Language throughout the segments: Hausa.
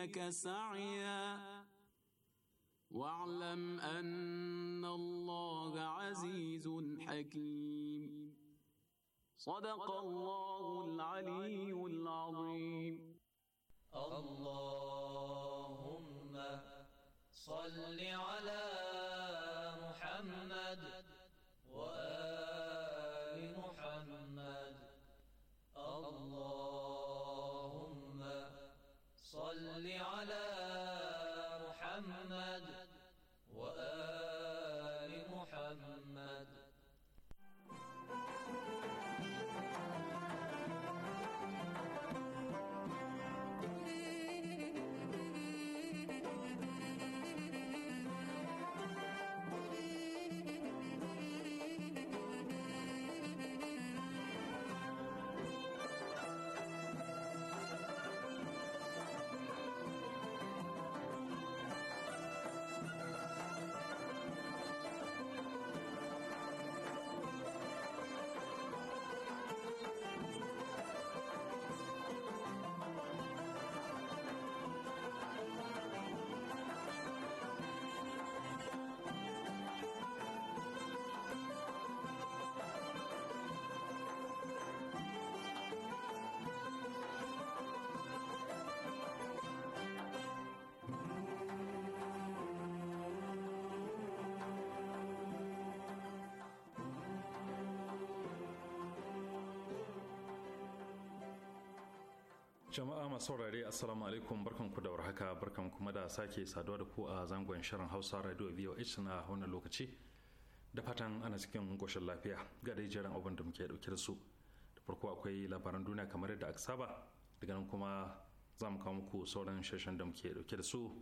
سبيلك سعيا واعلم ان الله عزيز حكيم صدق الله العلي العظيم اللهم صل على محمد وآل محمد الله صل على محمد jama'a masu saurare assalamu alaikum barkan ku da warhaka barkan kuma da sake saduwa da ku a zangon shirin hausa radio voh na wannan lokaci da fatan ana cikin goshin lafiya ga dai jiran abin da muke dauke da su da farko akwai labaran duniya kamar yadda aka saba daga nan kuma za mu kawo muku sauran shirin da muke dauke da su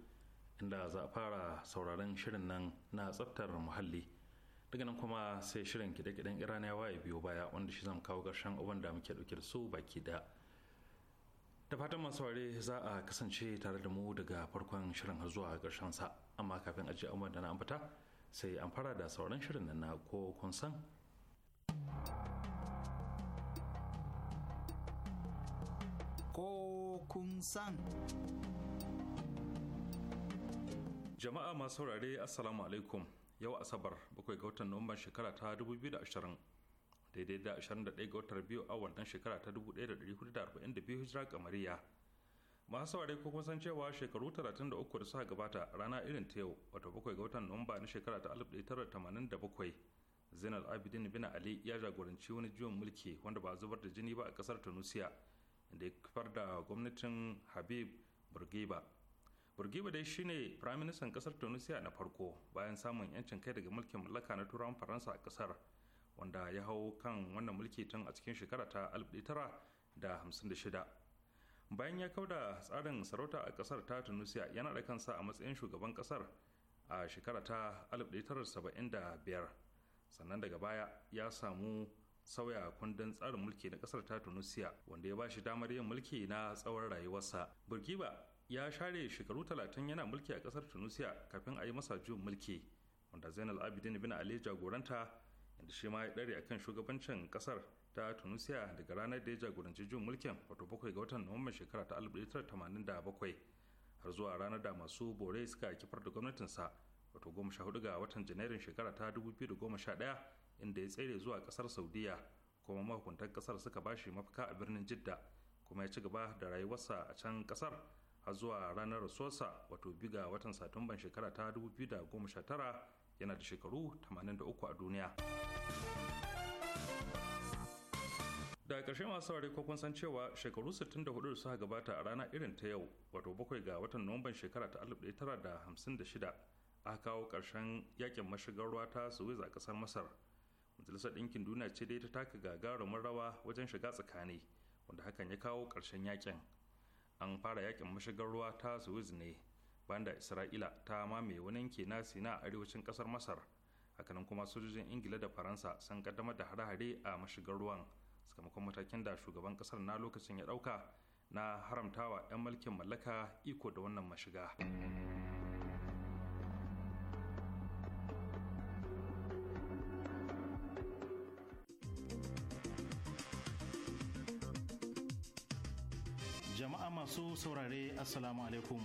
inda za a fara sauraron shirin nan na tsaftar muhalli daga nan kuma sai shirin kide-kiden iraniyawa ya biyo baya wanda shi zamu kawo ƙarshen abin da muke dauke da su baki da. da fatan masu ware za a kasance tare da mu daga farkon shirin har zuwa ƙarshen sa amma kafin aji abubuwan da na ambata sai an fara da sauran shirin nan na ko kun san ko kun san jama'a masu saurare assalamu alaikum yau asabar bakwai ga watan nuwamban shekara ta 2020 daidai da 21 ga watan biyu a wannan shekara ta 1442 hijira kamariya masu saurare ko kun san cewa shekaru 33 da suka gabata rana irin ta yau wato 7 ga watan nuwamba na shekara ta 1987 zainal abidin bin ali ya jagoranci wani juyin mulki wanda ba zubar da jini ba a kasar tunisia inda ya kafar da gwamnatin habib burgiba burgiba dai shine firaministan kasar tunisia na farko bayan samun yancin kai daga mulkin mallaka na turawan faransa a kasar wanda ya hau kan wannan mulki tun a cikin shekara ta 1956 bayan ya kauda tsarin sarauta a kasar ta tunisia yana da kansa a matsayin shugaban kasar a shekara ta 1975 sannan daga baya ya samu sauya kundin tsarin mulki na kasar ta tunisia wanda ya ba shi damar yin mulki na tsawon rayuwarsa burgiba ya share shekaru 30 yana mulki a kasar tunisia kafin a yi masa juyin mulki wanda zainal abidin bin ali jagoranta da shi ma ya ɗare a kan shugabancin kasar ta tunisia daga ranar da ya jagoranci jin mulkin wato bakwai ga watan nuwamban shekara ta bakwai har zuwa ranar da masu bore suka kifar da gwamnatinsa wato hudu ga watan janairun shekara ta ɗaya inda ya tsere zuwa ƙasar saudiya kuma mahukuntar ƙasar suka ba shi mafaka a birnin jidda kuma ya ci gaba da rayuwarsa a can kasar har zuwa ranar rasuwarsa wato biga watan satumban shekara ta tara yana da shekaru 83 a duniya daga ƙarshe masu saurari ko kun san cewa shekaru 64 da suka gabata a rana irin ta yau wato bakwai ga watan nuwamban shekara ta 1956 a kawo ƙarshen yakin mashigar ruwa ta suwiz a ƙasar masar majalisar ɗinkin duniya ce dai ta taka gagarumin rawa wajen shiga tsakani wanda hakan ya kawo ƙarshen yakin an fara yakin mashigar ruwa ta suwiz ne banda isra'ila ta mamaye wani yanki na sina a arewacin kasar masar hakanan kuma sojojin ingila da faransa sun kaddamar da hare-hare a mashigar ruwan sakamakon matakin da shugaban kasar na lokacin ya dauka na haramtawa 'yan mulkin mallaka iko da wannan mashiga jama'a masu saurare assalamu alaikum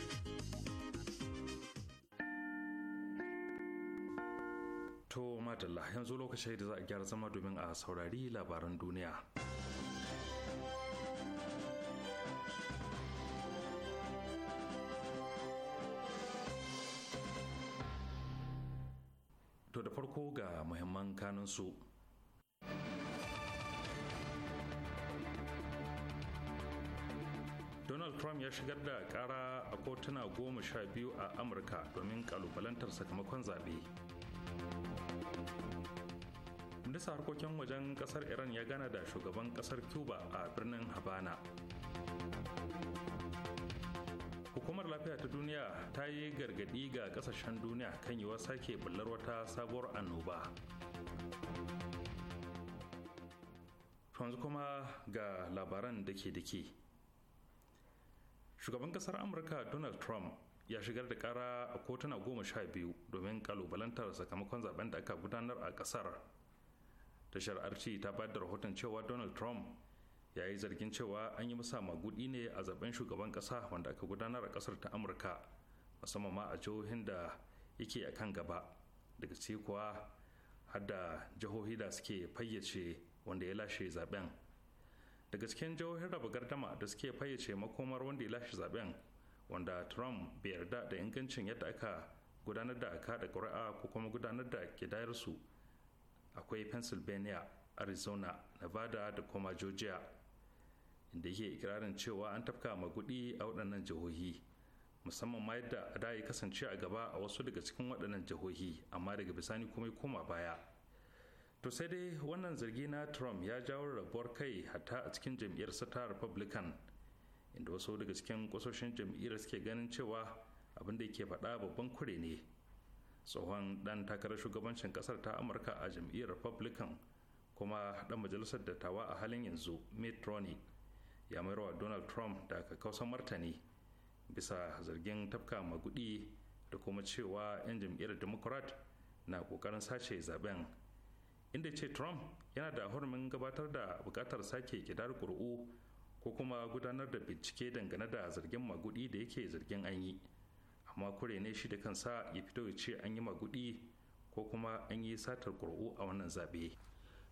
To madalla yanzu lokacin da za a gyara zama domin a saurari labaran duniya. To da farko ga muhimman kanunsu. Donald Trump ya shigar da kara a kotuna goma sha biyu a Amurka domin kalubalantar sakamakon zaɓe. minista harkokin wajen kasar iran ya gana da shugaban kasar cuba a birnin habana hukumar lafiya ta duniya ta yi gargadi ga kasashen duniya kan yiwuwar sake bullar wata sabuwar annoba yanzu kuma ga labaran da ke da shugaban kasar amurka donald trump ya shigar da kara a kotuna goma sha biyu domin kalubalantar sakamakon zaben da aka gudanar a kasar tashar rt ta ba da rahoton cewa donald trump ya yi zargin cewa an yi masa magudi ne a zaben shugaban kasa wanda aka gudanar a kasar ta amurka musamman ma a jihohin da yake a kan gaba daga ciki kuwa har da jihohi da suke fayyace wanda ya lashe zaben daga cikin jihohin raba gardama da suke fayyace makomar wanda ya lashe zaben wanda trump bai yarda da ingancin yadda aka gudanar da aka ƙuri'a ko kuma gudanar da kidayarsu akwai pennsylvania arizona nevada da kuma georgia inda yake ikirarin cewa an tafka magudi a waɗannan jihohi musamman ma yadda a da ya kasance a gaba a wasu daga cikin waɗannan jihohi amma daga bisani kuma ya koma baya to sai dai wannan zargi na trump ya jawo rabuwar kai hatta a cikin jam'iyyar sata republican inda wasu daga cikin kusoshin jam'iyyar suke ganin cewa abin da yake faɗa babban kure ne tsohon dan takarar shugabancin kasar ta amurka a jam'iyyar republican kuma dan majalisar dattawa a halin yanzu mitt romney ya wa donald trump da kakkausan martani bisa zargin tafka magudi da kuma cewa 'yan jam'iyyar democrat na kokarin sace zaben inda ce trump yana da hurmin gabatar da bukatar sake kidar ƙuri'u ko kuma gudanar da bincike dangane da zargin magudi da yake zargin an yi amma kure ne shi da kansa ya fito ya ce an yi magudi ko kuma an yi satar ƙuri'u a wannan zaɓe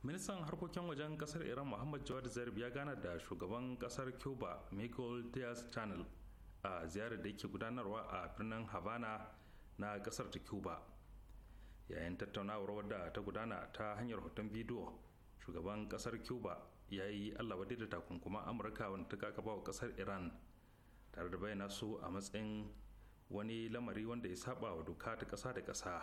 ministan harkokin wajen ƙasar iran muhammad jawad zarif ya gana da shugaban ƙasar cuba miguel diaz channel a ziyarar da yake gudanarwa a birnin havana na kasar ta cuba yayin tattaunawar wadda ta gudana ta hanyar hoton bidiyo shugaban ƙasar cuba ya yi allah da takunkuma amurka wanda ta kakaba wa ƙasar iran tare da bayyana su a matsayin wani lamari wanda ya saba wa doka ta kasa da ƙasa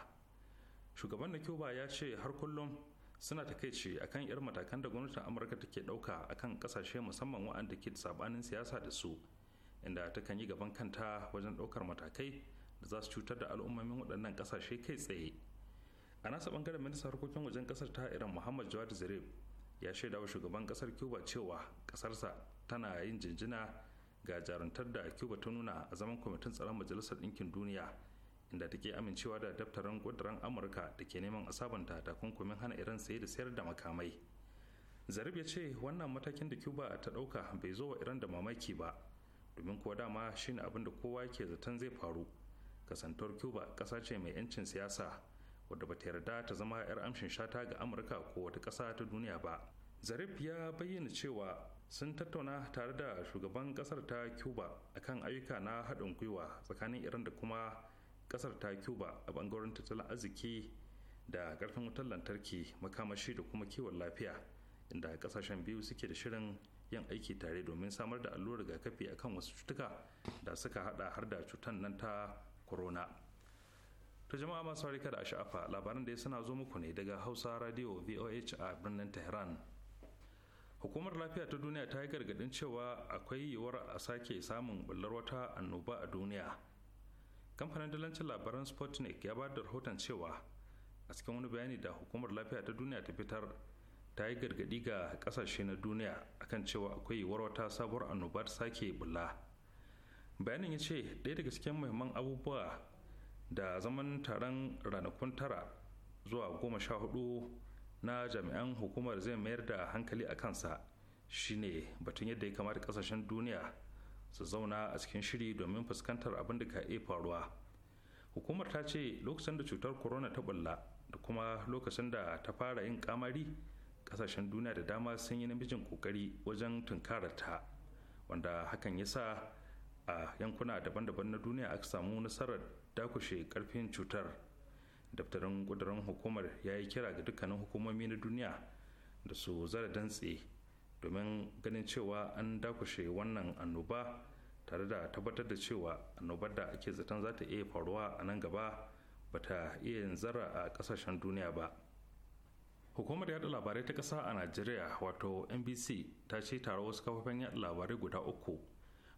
shugaban na cuba ya ce har kullum suna takaici akan irin matakan da gwamnatin amurka take ɗauka akan ƙasashe musamman waɗanda ke sabanin siyasa da su inda ta kan yi gaban kanta wajen ɗaukar matakai da za su cutar da al'ummomin waɗannan ƙasashe kai tsaye a nasa ɓangaren ministan harkokin wajen ƙasar ta iran muhammad jawad zarif ya shaida wa shugaban ƙasar cuba cewa ƙasarsa tana yin jinjina ga jarantar da cuba ta nuna a zaman kwamitin tsaron majalisar ɗinkin duniya inda take amincewa da daftarin ƙudurin amurka da ke neman a sabunta takunkumin hana iran saye da sayar da makamai zarif ya ce wannan matakin da cuba ta ɗauka bai zo wa iran da mamaki ba domin kuwa dama shine abin da kowa ke zaton zai faru kasantar cuba ƙasa ce mai 'yancin siyasa wadda bata yarda ta zama 'yar amshin shata ga amurka ko wata ƙasa ta duniya ba zarif ya bayyana cewa sun tattauna tare da shugaban kasar ta cuba akan ayyuka na haɗin gwiwa tsakanin iran da kuma kasar ta cuba a bangaren tattalin arziki da ƙarfin wutar lantarki makamashi da kuma kiwon lafiya inda ƙasashen biyu suke da shirin yin aiki tare domin samar da allurar rigakafi akan wasu cutuka da suka hada har da cutar nan ta corona Ta jama'a masu harika da sha'afa labaran da ya suna zo muku ne daga hausa radio voh a birnin tehran hukumar lafiya ta duniya ta yi gargadin cewa akwai yiwuwar a sake samun bullar wata annoba a duniya kamfanin dalancin labaran sputnik ya ba da rahoton cewa a cikin wani bayani da hukumar lafiya ta duniya ta fitar ta yi gargadi ga kasashe na duniya akan cewa akwai yiwuwar wata sabuwar annoba ta sake bulla bayanin ya ce ɗaya daga cikin muhimman abubuwa da zaman taron ranakun tara zuwa goma sha hudu na jami'an hukumar zai mayar da hankali a kansa shine batun yadda ya kamata kasashen duniya su zauna a cikin shiri domin fuskantar abin da ka iya faruwa hukumar ta ce lokacin da cutar corona ta bulla da kuma lokacin da ta fara yin kamari kasashen duniya da dama sun yi namijin kokari wajen tunkarar ta wanda hakan ya sa a yankuna daban-daban na duniya aka samu nasarar dakushe karfin cutar daftarin gudanar hukumar ya yi kira ga dukkanin hukumomi na duniya da su zara dantse domin ganin cewa an dakushe wannan annoba tare da tabbatar da cewa annobar da ake zaton za ta iya faruwa a nan gaba ba ta iya yin zara a kasashen duniya ba hukumar yada labarai ta ƙasa a najeriya wato nbc ta ce taro wasu kafafen yada labarai guda uku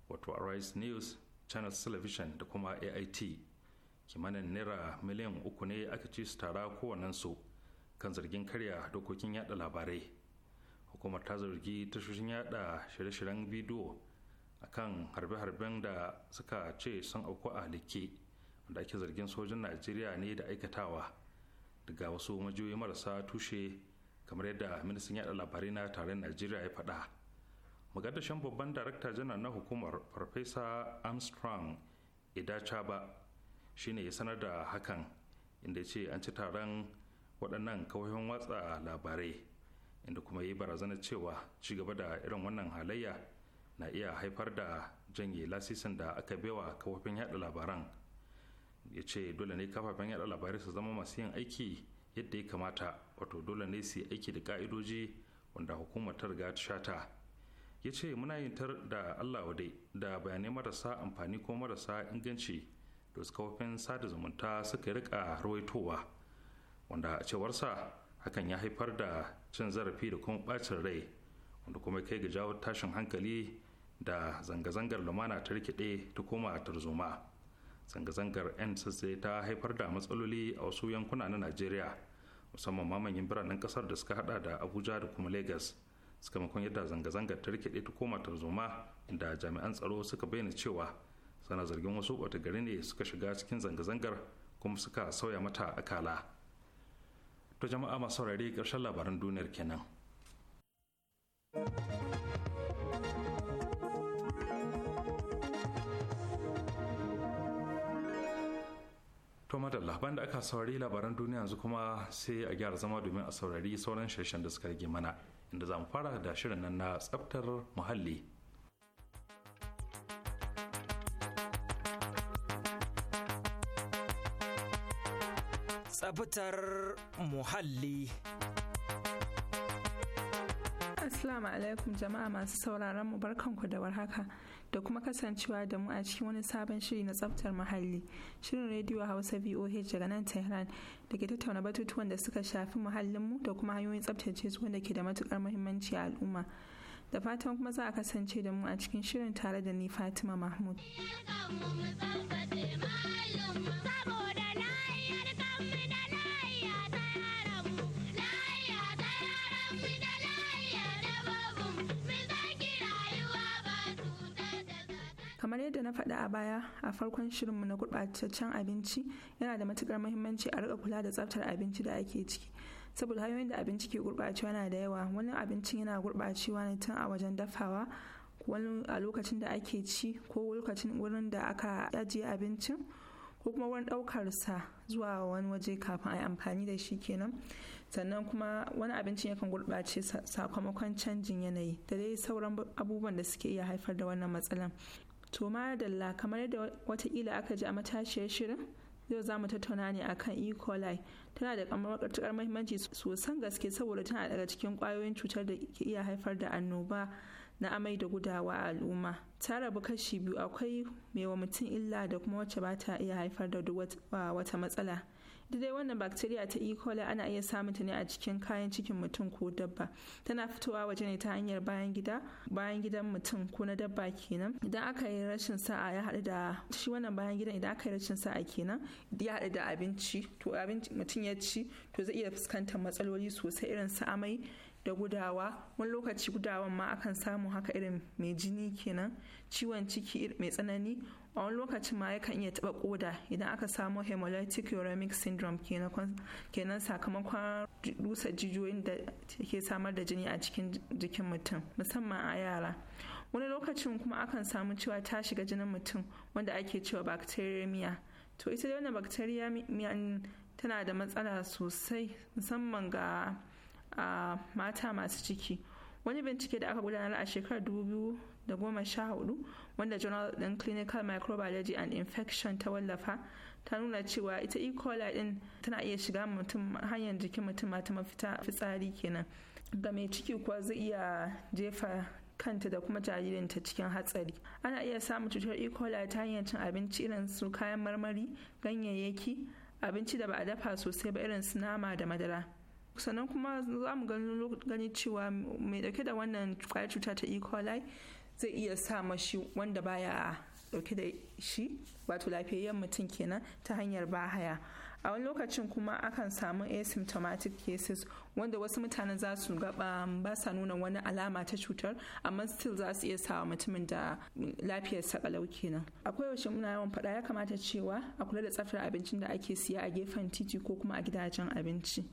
wato arise news channels television da kuma ait kimanin naira miliyan uku ne aka ce su tara kowannensu kan zargin karya dokokin yada labarai hukumar ta zargi tashoshin yada shirye-shiryen bidiyo kan harbe-harben da suka ce sun auku a like wanda ake zargin sojin najeriya ne da aikatawa daga wasu majiyoyi marasa tushe kamar yadda ministan yada labarai na tare najeriya ya faɗa magadashin babban darakta janar na hukumar farfesa armstrong ba. shine ya sanar da hakan inda ce an ci taron waɗannan kawai watsa labarai inda kuma yi barazana cewa ci gaba da irin wannan halayya na iya haifar da janye lasisin da aka baiwa kafofin yada labaran ya ce dole ne kafafen yada labarai su zama masu yin aiki yadda ya kamata wato dole ne su yi aiki da ka'idoji wanda hukumar ta riga ta shata ya ce muna yin tar da allah wade da bayanai marasa amfani ko marasa inganci da wasu kafofin sada zumunta suka rika ruwaitowa wanda a cewarsa hakan ya haifar da cin zarafi da kuma bacin rai wanda kuma kai ga jawo tashin hankali da zanga-zangar lumana ta rikide ta koma tarzoma zanga-zangar yan sassai ta haifar da matsaloli a wasu yankuna na najeriya musamman ma manyan biranen kasar da suka hada da abuja da kuma lagos sakamakon yadda zanga-zangar ta rikide ta koma tarzoma inda jami'an tsaro suka bayyana cewa sana zargin wasu wata gari ne suka shiga cikin zanga-zangar kuma suka sauya mata akala to jama'a masu saurari ƙarshen labaran duniyar kenan to madalla da aka saurari labaran duniya yanzu kuma sai a gyara zama domin a saurari sauran shirshen da suka rage mana inda za mu fara da shirin nan na tsaftar muhalli tsabtar muhalli. Assalamu alaikum jama'a masu sauraron mu barkanku da warhaka da kuma kasancewa da mu a cikin wani sabon shiri na tsaftar muhalli shirin rediyo Hausa VOH daga nan Tehran da ke tattauna batutuwan da suka shafi muhallinmu da kuma hanyoyin tsaftace su wanda ke da matukar muhimmanci a al'umma. da fatan kuma za a kasance da mu a cikin shirin tare da ni fatima mahmud kamar yadda na faɗa a baya a farkon shirinmu na gurɓataccen abinci yana da matukar muhimmanci a riƙa kula da tsaftar abinci da ake ciki saboda hanyoyin da abinci ke gurɓacewa na da yawa wani abincin yana gurɓacewa ne tun a wajen dafawa wani a lokacin da ake ci ko lokacin wurin da aka ajiye abincin ko kuma wurin ɗaukarsa zuwa wani waje kafin a yi amfani da shi kenan sannan kuma wani abincin yakan gurɓace sakamakon canjin yanayi da dai sauran abubuwan da suke iya haifar da wannan matsalan to ma dalla kamar yadda watakila aka ji a matashiyar shirin yau za mu tattauna ne akan e. coli tana da matuƙar mahimmanci sosan gaske saboda tana daga cikin ƙwayoyin cutar da ke iya haifar da annoba na amai da gudawa a al'umma ta rabu kashi biyu akwai mai wa mutum illa da kuma wacce ba ta iya haifar da wata matsala dai wannan bacteria ta e. coli ana iya samun ta ne a cikin kayan cikin mutum ko dabba tana fitowa waje ne ta hanyar bayan gida bayan gidan mutum ko na dabba kenan idan aka yi rashin sa'a ya haɗu da shi wannan bayan gidan idan aka yi rashin sa'a kenan ya haɗu da abinci to abinci mutum ya ci to zai iya fuskantar matsaloli sosai irin su amai da gudawa wani lokaci gudawan ma akan samu haka irin mai jini kenan ciwon ciki mai tsanani a wani lokacin ma yakan iya taba koda idan aka samu hemolytic uremic syndrome kenan sakamakon rusa jijiyoyin da ke samar da jini a cikin jikin mutum musamman a yara wani lokacin kuma akan samu cewa ta shiga jinin mutum wanda ake cewa bacteremia to ita dai wannan bacteremia tana da matsala sosai musamman ga a mata masu ciki wani bincike da aka gudanar a shekarar 2014 wanda journal din clinical microbiology and infection ta wallafa ta nuna cewa ita e. coli din tana iya shiga mutum hanyar jikin mutum mata mafita fitsari kenan ga mai ciki kuwa zai iya jefa kanta da kuma jaririnta cikin hatsari ana iya samun cutar e. coli ta hanyar cin abinci irin su kayan marmari ganyayyaki abinci da ba a dafa sosai ba irin su nama da madara sannan kuma za mu gani cewa mai dauke da wannan kwayar cuta ta e. zai iya sa mashi wanda baya dauke da shi wato lafiyayyen mutum kenan ta hanyar bahaya a wani lokacin kuma akan samu asymptomatic cases wanda wasu mutane za su gaba um, ba sa nuna wani alama ta cutar amma still za su iya sawa mutumin da lafiyar sakalau kenan akwai yaushe muna yawan faɗa ya kamata cewa a kula da tsaftar abincin da ake siya a gefen titi ko kuma a gidajen abinci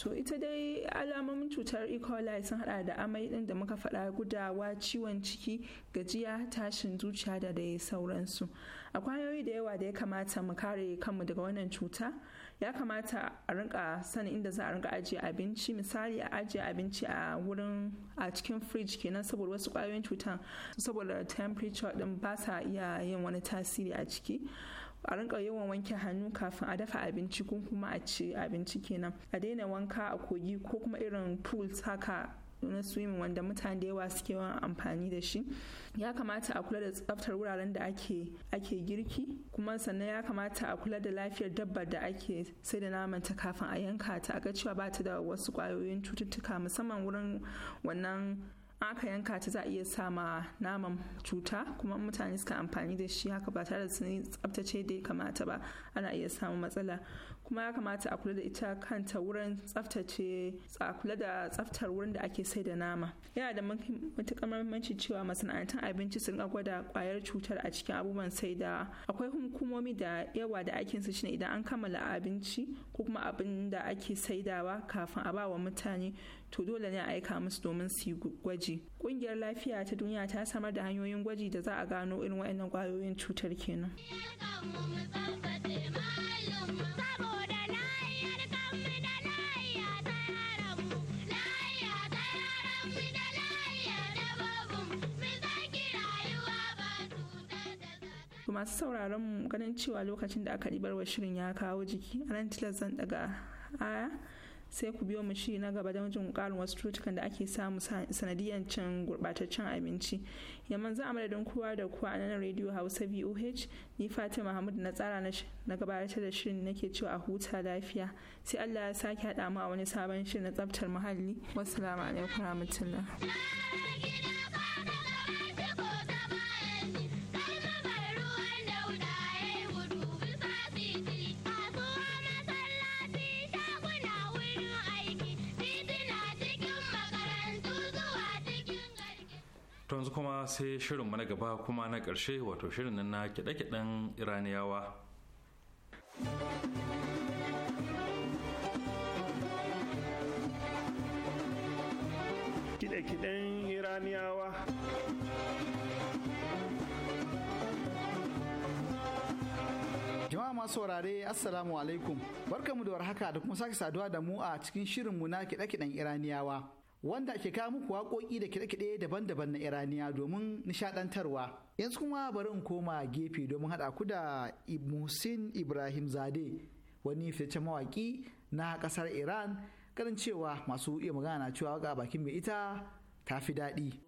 to ita dai alamomin cutar e. coli sun hada da amai din da muka faɗa gudawa ciwon ciki gajiya tashin zuciya da dai sauransu a kwayoyi da yawa da ya kamata mu kare kanmu daga wannan cuta ya kamata a rinka sanin inda za a rinka ajiye abinci misali a ajiye abinci a wurin a cikin fridge kenan saboda wasu kwayoyin cutan saboda temperature din ba sa iya yin wani tasiri a ciki a rinka yawan wanke hannu kafin a dafa abinci ko kuma a ci abinci kenan a daina wanka a kogi ko kuma irin pools haka na swimming wanda mutane da yawa suke yawan amfani da shi ya kamata a kula da tsaftar wuraren da ake ake girki kuma sannan ya kamata a kula da lafiyar dabbar da ake sai da naman kafin a yanka ta a ga cewa ba ta da wasu kwayoyin cututtuka musamman wurin wannan aka yanka ta za a iya sama naman cuta kuma mutane suka amfani da shi haka ba tare da sun tsabtace da ya kamata ba ana iya samun matsala kuma ya kamata a kula da ita kanta wurin tsaftace a kula da tsaftar wurin da ake sai da nama yana da matuƙar muhimmanci cewa masana'antar abinci sun gwada kwayar cutar a cikin abubuwan sai da akwai hukumomi da yawa da aikin su shine idan an kammala abinci ko kuma abin da ake saidawa kafin a ba wa mutane to dole ne a aika musu domin su gwaji ƙungiyar lafiya ta duniya ta samar da hanyoyin gwaji da za a gano irin waɗannan kwayoyin cutar kenan. masu sauraron ganin cewa lokacin da aka ɗibar wa shirin ya kawo jiki a nan tilas zan daga aya sai ku biyo mu shiri na gaba don jin karin wasu cutukan da ake samu sanadiyan cin gurbataccen abinci yamman za a madadin kowa da kowa a nan rediyo hausa voh ni fatima hamadu na tsara na gabatar da shirin nake cewa a huta lafiya sai allah ya sake haɗa mu a wani sabon shirin na tsabtar muhalli wasu alaikum rahmatullah kuma sai shirin na gaba kuma na ƙarshe wato shirin na kiɗe-kiɗen iraniyawa jama'a masu saurare assalamu alaikum barkamu da warhaka da kuma sake saduwa da mu a cikin shirinmu na kiɗe-kiɗen iraniyawa wanda ke kawo muku waƙoƙi da kiɗe-kiɗe daban-daban na iraniya domin nishaɗantarwa yanzu kuma bari in koma gefe domin haɗa ku da musin ibrahim zade wani fitaccen mawaƙi na ƙasar iran ganin cewa masu iya magana cewa waƙa bakin mai ita ta fi daɗi.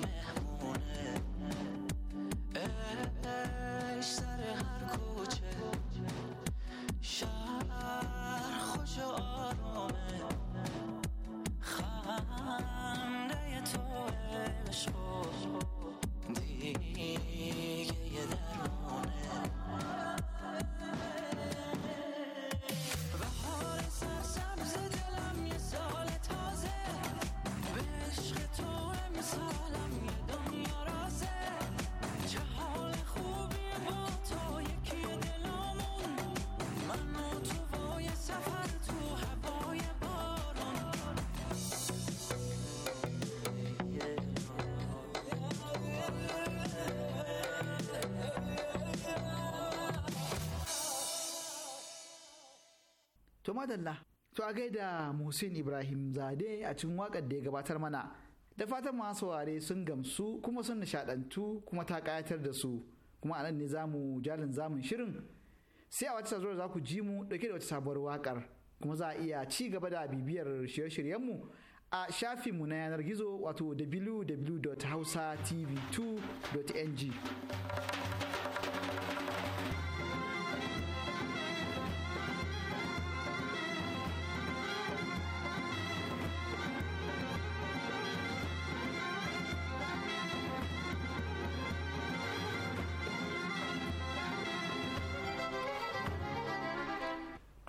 man. to madalla to a gaida muhsin ibrahim zade a cikin wakar da ya gabatar mana da fatan masu saurare sun gamsu kuma sun nishadantu kuma ta kayatar da su kuma anan ne zamu jalin zamun shirin sai a wata sazuwar za ku ji mu dauke da wata sabuwar waƙar, kuma za a iya ci gaba da bibiyar shirye-shiryenmu a shafinmu na yanar gizo wato www.hausatv2.ng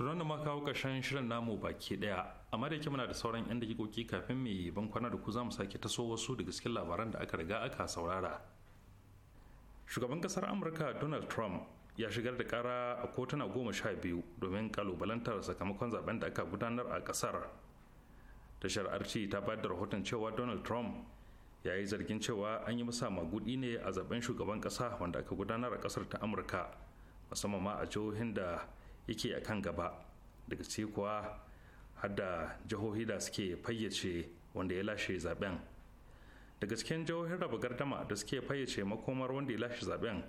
don maka kawo ƙarshen shirin namu baki ɗaya amma da yake muna da sauran 'yan dakikoki kafin mai ban kwana da ku za mu sake taso wasu daga cikin labaran da aka riga aka saurara shugaban ƙasar amurka donald trump ya shigar da kara a kotuna goma sha biyu domin kalubalantar sakamakon zaben da aka gudanar a ƙasar tashar arci ta bayar da rahoton cewa donald trump ya yi zargin cewa an yi masa magudi ne a zaben shugaban ƙasa wanda aka gudanar a kasar ta amurka musamman ma a jihohin da yake a kan gaba daga ce kuwa hadda jihohi da suke fayyace wanda ya lashe zaben daga cikin jihohin raba gardama da suke fayyace makomar wanda ya lashe zaben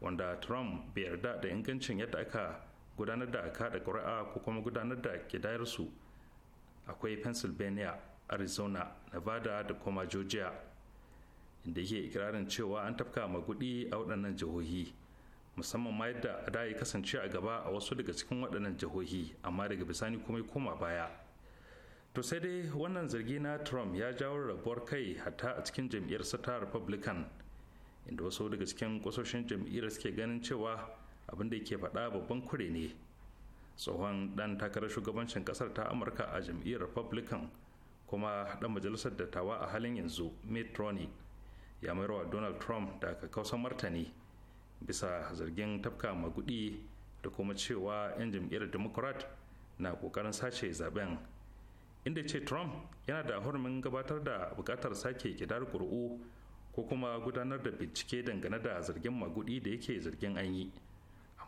wanda trump bai yarda da ingancin yadda aka gudanar da kada ƙuri'a ko kuma gudanar da su akwai pennsylvania arizona nevada da kuma georgia inda yake ikirarin cewa an tafka magudi a waɗannan jihohi musamman ma yadda da ya kasance a gaba a wasu daga cikin waɗannan jihohi amma daga bisani kuma ya koma baya to sai dai wannan zargi na trump ya jawo rabuwar kai hatta a cikin jam'iyyar ta republican inda wasu daga cikin kusoshin jam'iyyar suke ganin cewa abin da yake faɗa babban kure ne tsohon dan takarar shugabancin ƙasar ta amurka a jam'iyyar republican kuma dan majalisar dattawa a halin yanzu mitt romney ya wa donald trump da kakausar martani bisa zargin tafka magudi da kuma cewa 'yan jam'iyyar democrat na kokarin sace zaben inda ce trump yana da hurumin gabatar da bukatar sake kidar kuri'u ko kuma gudanar da bincike dangane da zargin magudi da yake zargin an yi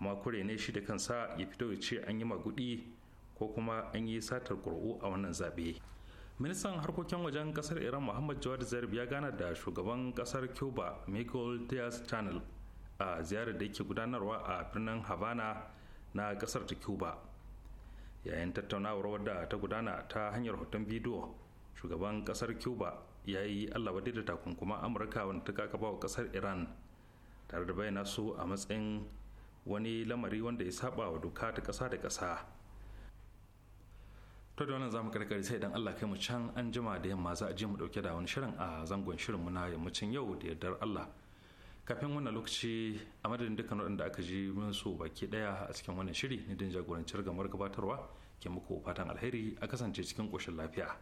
amma kure ne shi da kansa ya fito ya ce an yi magudi ko kuma an yi satar kuri'u a wannan zaɓe ministan harkokin wajen kasar iran muhammad jawad zarif ya gana da shugaban kasar cuba miguel diaz channel a ziyarar da yake gudanarwa a birnin havana na kasar ta cuba yayin tattaunawar wadda ta gudana ta hanyar hoton bidiyo shugaban kasar cuba ya yi allah wadda da takunkuma amurka wanda ta kaka wa kasar iran tare da bayyana su a matsayin wani lamari wanda ya saba wa doka ta kasa da kasa to da wannan zamu karkare sai idan Allah kai mu can an jima da yamma za a je mu dauke da wani shirin a zangon shirin mu na yammacin yau da yardar Allah kafin wannan lokaci a madadin dukkan waɗanda aka ji min so baki ɗaya a cikin wannan shiri ne don jagorancin gamar gabatarwa ke muku fatan alheri a kasance cikin ƙoshin lafiya.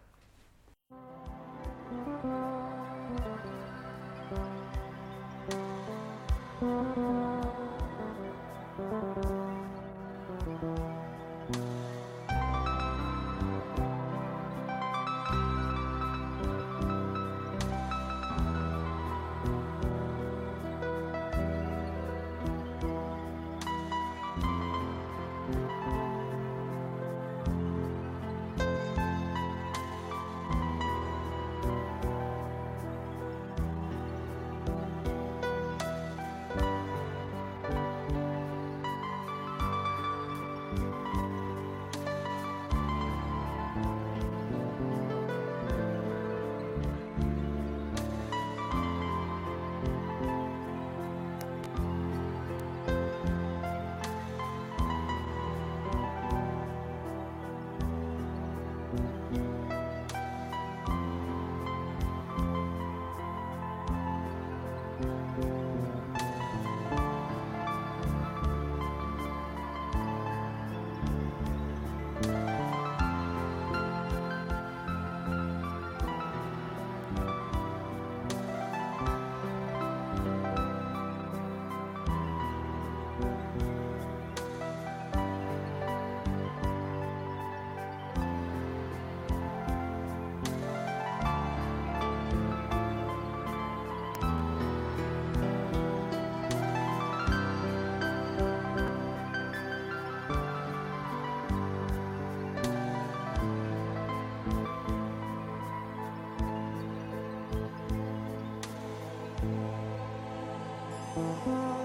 Música